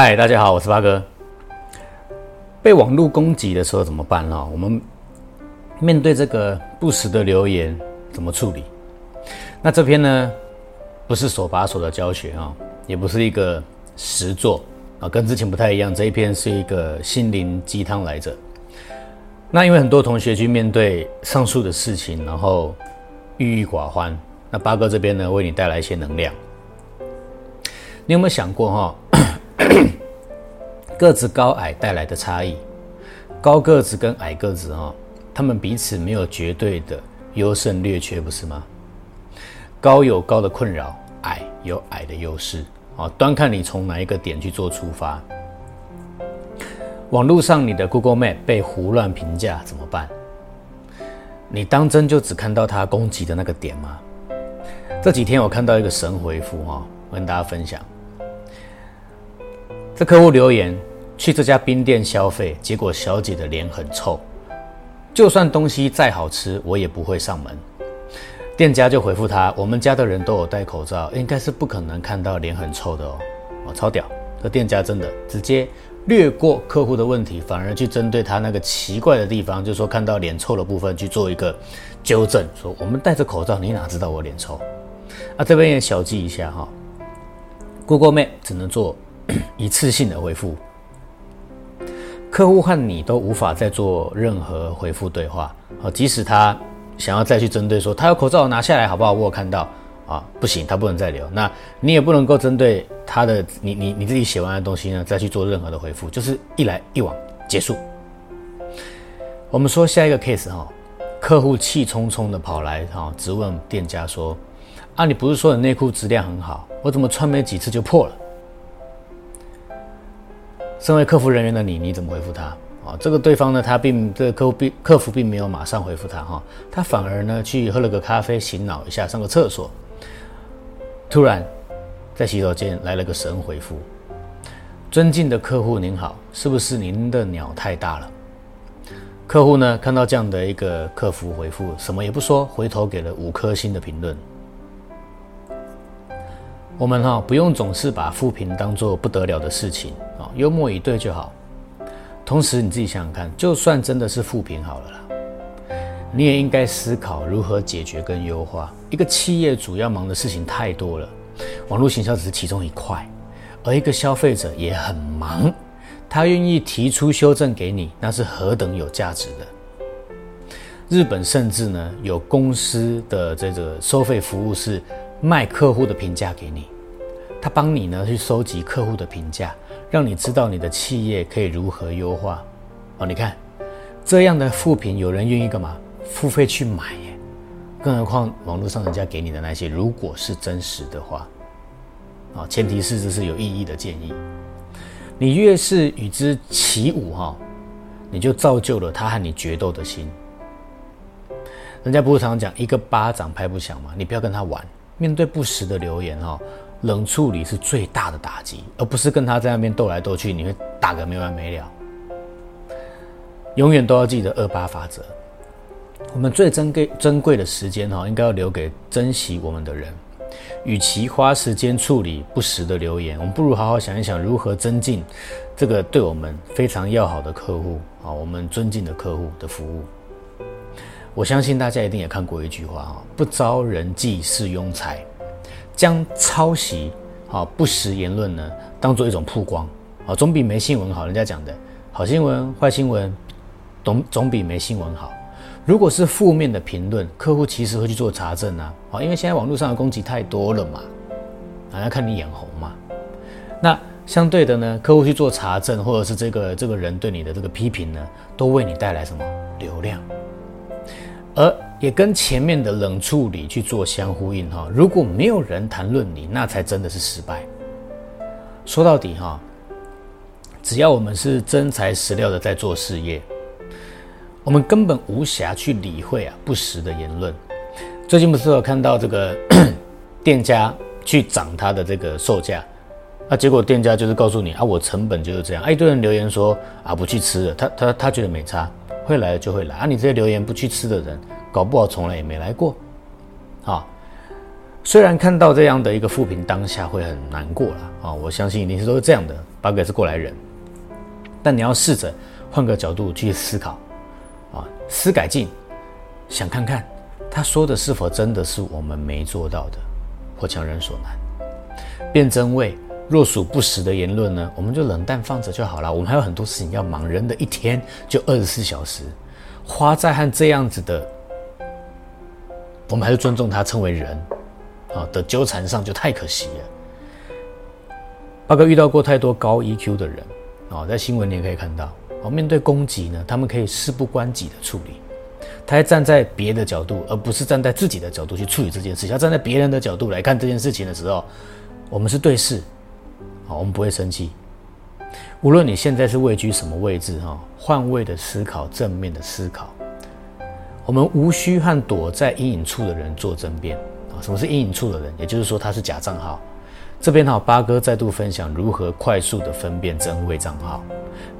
嗨，大家好，我是巴哥。被網絡攻擊的時候怎麼辦呢？我們面對這個不實的留言怎麼處理？那這篇呢，不是手把手的教學啊，也不是一個實作啊，跟之前不太一樣。這一篇是一個心靈雞湯來着。那因為很多同學去面對上述的事情，然後鬱鬱寡歡。那巴哥這邊呢，為你帶來一些能量。你有沒有想過哈？ 個子高矮帶來的差異，高個子跟矮個子哈、哦，他們彼此沒有絕對的優勝劣缺，不是嗎？高有高的困擾，矮有矮的優勢啊、哦，端看你從哪一個點去做出發。網絡上，你的 Google Map 被胡亂評價怎麼辦？你當真就只看到他攻擊的那個點嗎？這幾天我看到一個神回復哈、哦，我跟大家分享，這客戶留言。去這家冰店消費，結果小姐的臉很臭，就算東西再好吃，我也不會上門。店家就回復他：“我們家的人都有戴口罩，應該是不可能看到臉很臭的哦。”哦，超屌，這店家真的直接略過客戶的問題，反而去針對他那個奇怪的地方，就說看到臉臭的部分去做一個糾正，說我們戴着口罩，你哪知道我臉臭？啊，這邊也小記一下哈、哦。Google map 只能做一次性的回復。客戶和你都無法再做任何回復對話，即使他想要再去針對說他有口罩，我拿下來好不好？我有看到啊，不行，他不能再留，那你也不能夠針對他的你你你自己寫完的東西呢，再去做任何的回復，就是一來一往結束。我們說下一個 case 哈，客戶氣冲冲的跑來哈，質問店家說：啊，你不是說你內褲質量很好，我怎麼穿沒幾次就破了？身為客服人員的你，你怎麼回覆他啊、哦？這個對方呢，他並這個客戶並客服並沒有馬上回覆他哈、哦，他反而呢去喝了個咖啡醒腦一下，上個廁所。突然，在洗手間來了個神回覆：“尊敬的客戶您好，是不是您的鳥太大了？”客戶呢看到這樣的一個客服回覆，什麼也不說，回頭給了五顆星的評論。我們哈、哦、不用總是把負評當做不得了的事情。幽默以對就好，同時你自己想想看，就算真的是負評好了啦，你也應該思考如何解決跟優化。一個企業主要忙的事情太多了，網絡行銷只是其中一塊，而一個消費者也很忙，他願意提出修正給你，那是何等有價值的。日本甚至呢，有公司的這個收費服務是賣客戶的評價給你。他幫你呢去收集客戶的評價，讓你知道你的企業可以如何優化。哦，你看這樣的負評，有人願意幹嘛？付費去買耶？更何況網絡上人家給你的那些，如果是真實的話，啊、哦，前提是這是有意義的建議。你越是與之起舞哈、哦，你就造就了他和你決鬥的心。人家不是常常講一個巴掌拍不響嗎？你不要跟他玩。面對不實的留言哦。冷處理是最大的打擊，而不是跟他在那邊鬥來鬥去，你會打個沒完沒了。永遠都要記得二八法則，我們最珍貴珍貴的時間哈，應該要留給珍惜我們的人。與其花時間處理不實的留言，我們不如好好想一想如何增進這個對我們非常要好的客戶啊，我們尊敬的客戶的服務。我相信大家一定也看過一句話哈，不招人忌是庸才，不遭人嫉是庸才。將抄襲、不實言論呢，當做一種曝光，啊，總比沒新聞好。人家講的，好新聞、壞新聞，懂總比沒新聞好。如果是負面的評論，客戶其實會去做查證啊，啊，因為現在網絡上的攻擊太多了嘛，啊，要看你眼紅嘛。那相對的呢，客戶去做查證，或者是這個這個人對你的這個批評呢，都為你帶來什麼流量？而也跟前面的冷處理去做相呼應哈。如果沒有人談論你，那才真的是失敗。說到底哈，只要我們是真材實料的在做事業，我們根本無暇去理會啊不實的言論。最近不是有看到這個 店家去漲他的這個售價，那、啊、結果店家就是告訴你啊，我成本就是這樣。啊、一堆人留言說啊，不去吃了，他他他覺得沒差，會來就會來。啊，你這些留言不去吃的人。搞不好從來也沒來過，啊、哦！雖然看到這樣的一個負評當下會很難過了啊、哦，我相信一定是都是這樣的，八哥是過來人。但你要試着換個角度去思考，啊、哦，思改進，想看看他說的是否真的是我們沒做到的，或強人所難。辨真偽，若屬不實的言論呢，我們就冷淡放着就好了。我們還有很多事情要忙，人的一天就二十四小時，花在和這樣子的。我們還是尊重他稱為人，啊的糾纏上就太可惜了。巴哥遇到過太多高 EQ 的人，啊，在新聞裡也可以看到，啊，面對攻擊呢，他們可以事不關己的處理，他還站在別的角度，而不是站在自己的角度去處理這件事情。要站在別人的角度來看這件事情的時候，我們是對視，好，我們不會生氣。無論你現在是位居什麼位置，哈，換位的思考，正面的思考。我們無需和躲在陰影處的人做爭辯啊！什麼是陰影處的人？也就是說，他是假賬號。這邊呢，巴哥再度分享如何快速的分辨真偽賬號：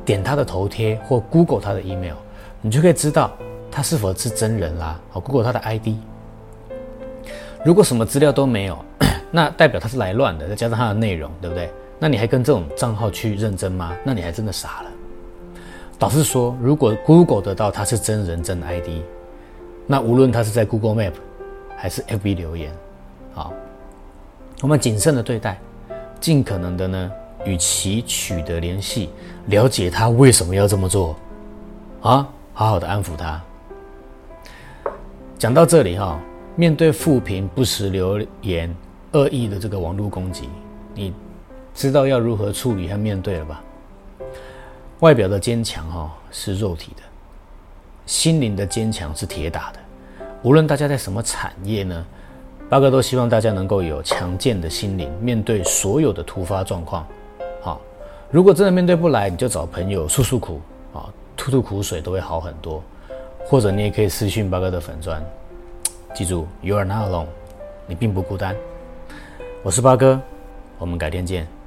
點他的頭貼或 Google 他的 email，你就可以知道他是否是真人啦、啊。好，Google 他的 ID，如果什麼資料都沒有，那代表他是來亂的。再加上他的內容，對不對？那你還跟這種賬號去認真嗎？那你還真的傻了。倒是說，如果 Google 得到他是真人真的 ID，那無論他是在 Google Map，還是 FB 留言，好，我們謹慎的對待，盡可能的呢，與其取得聯繫，了解他為什麼要這麼做，啊，好好的安撫他。講到這裡哈、哦，面對負評、不實流言、惡意的這個網絡攻擊，你知道要如何處理和面對了吧？外表的堅強哈、哦，是肉體的。心靈的堅強是鐵打的，無論大家在什麼產業呢，巴哥都希望大家能夠有強健的心靈，面對所有的突發狀況。好，如果真的面對不來，你就找朋友訴訴苦啊，吐吐苦水都會好很多。或者你也可以私訊巴哥的粉專，記住，You are not alone，你並不孤單。我是巴哥，我們改天見。